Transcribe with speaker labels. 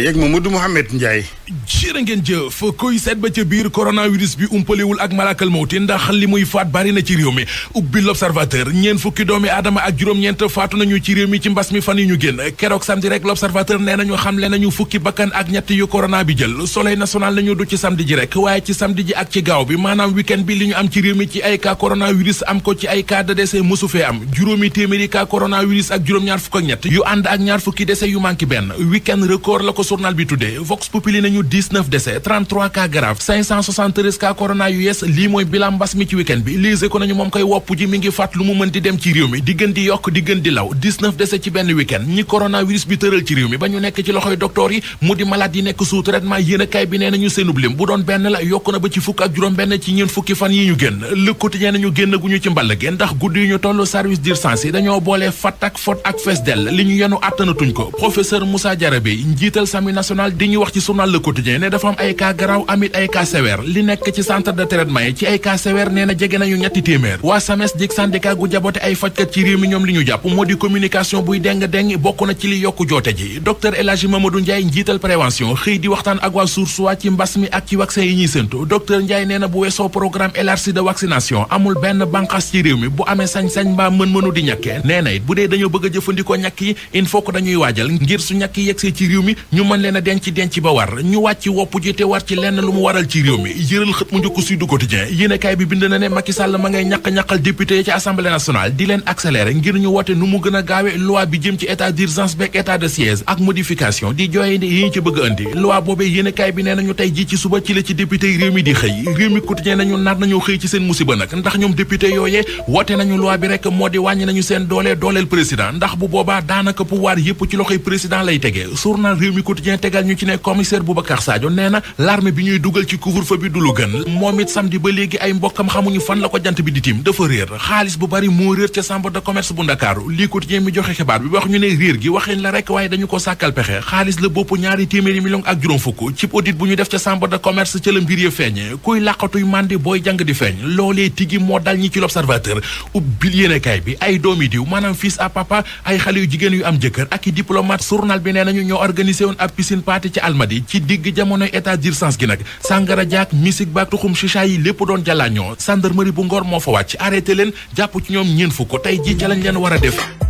Speaker 1: yeeg Mamadou Mouhamed Ndiaye jërë ngeen jëf koy seet ba ca biir coronavirus bi umpalewul ak malakal mawti ndax li muy faat bari ci réew mi ubbi l'observateur ñeen fukki doomi aadama ak juróom-ñeent faatu nañu ci réew mi ci mbas mi fan yi ñu génn keroog samedi rek l'observateur nee nañu xamle nañu fukki bakkan ak ñett yu corona bi jël soleil national nañu du ci samedi ji rek waaye ci samedi ji ak ci gaaw bi maanaam week bi li ñu am ci réew mi ci journal bi tuddee Vox Populi nañu 19 décès 33 yu yees lii mooy bilan mbas mi ci week bi liise ko nañu moom koy wopp ji mi ngi fàtt lu mu mën di dem ci réew mi di gën di yokk di gën di law 19 décès ci benn week ñi coronavirus bi tëral ci réew mi ba ñu nekk ci loxoy docteur yi mu di malade yi nekk sous traitement yéen bi nee nañu seenub lim bu doon benn la yokk na ba ci fukk ak juróom benn ci ñeen fukki fan yi assemblée nationale di ñu wax ci journal Le Quotidien ne dafa am ay cas garaaw amit ay cas sévère li nekk ci centre de traitement yi ci ay cas sévère nee na jege nañu ñetti téeméer waa SAMES dig syndicat gu jabote ay fajkat ci réew mi ñoom li ñu jàpp moo di communication buy déng-déng bokk na ci li yokku joote ji docteur El Hadji Mamadou Ndiaye njiital prévention xëy di waxtaan ak waa Source A ci mbas mi ak ci vaccin yi ñuy séntu docteur Ndiaye nee na bu weesoo programme élargi de vaccination amul mi bu amee sañ-sañ mbaa dee dañoo bëgg a jëfandikoo ñàkk yi il faut que dañuy waajal ngir su ñàkk ñu mën leen a denc denc ba war ñu wàcc wopp ji te war ci lenn lu mu waral ci réew mi yëral xët mu njëkk Sud Quotidien yéenekaay bi bind na ne Macky Sall ma ngay ñaq-ñaqal député yi ci assemblée nationale di leen accélérer ngir ñu wote nu mu gën gaawe loi bi jëm ci état d'urgence beeg état de siège ak modification di jooye yi ñu ci bëgg indi loi boobee yéenekaay bi nee nañu tey ji ci suba ci la ci député réew mi di xëy réew mi Quotidien nañu nar nañoo quotidien tegal ñu ci ne fan la ko jant bi di bu bari moo réer ca chambre de commerce bu Ndakaaru lii quotidien mi joxe xibaar bi wax ñu ne réer gi waxin la rekk waaye def ca chambre commerce ca la mbir ya feeñ kuy làqatuy màndi booy jàng di feeñ loolee tigi moo dal ñi ci l'observateur ubbil yéenekaay bi ay doomi diw maanaam fils à ay xale yu jigéen yu am jëkkër ak i diplomate journal bi nee nañu ñoo organisé ab piscine party ci Almadi ci digg jamonoy état d'urgence gi nag sàngara jaak misik ba tuxum chicha yi lépp doon jàllaañoo gendarmerie bu Ngor moo fa wàcc arrêté leen jàpp ci ñoom ñeen fukk ko tey ji ca lañ leen war a def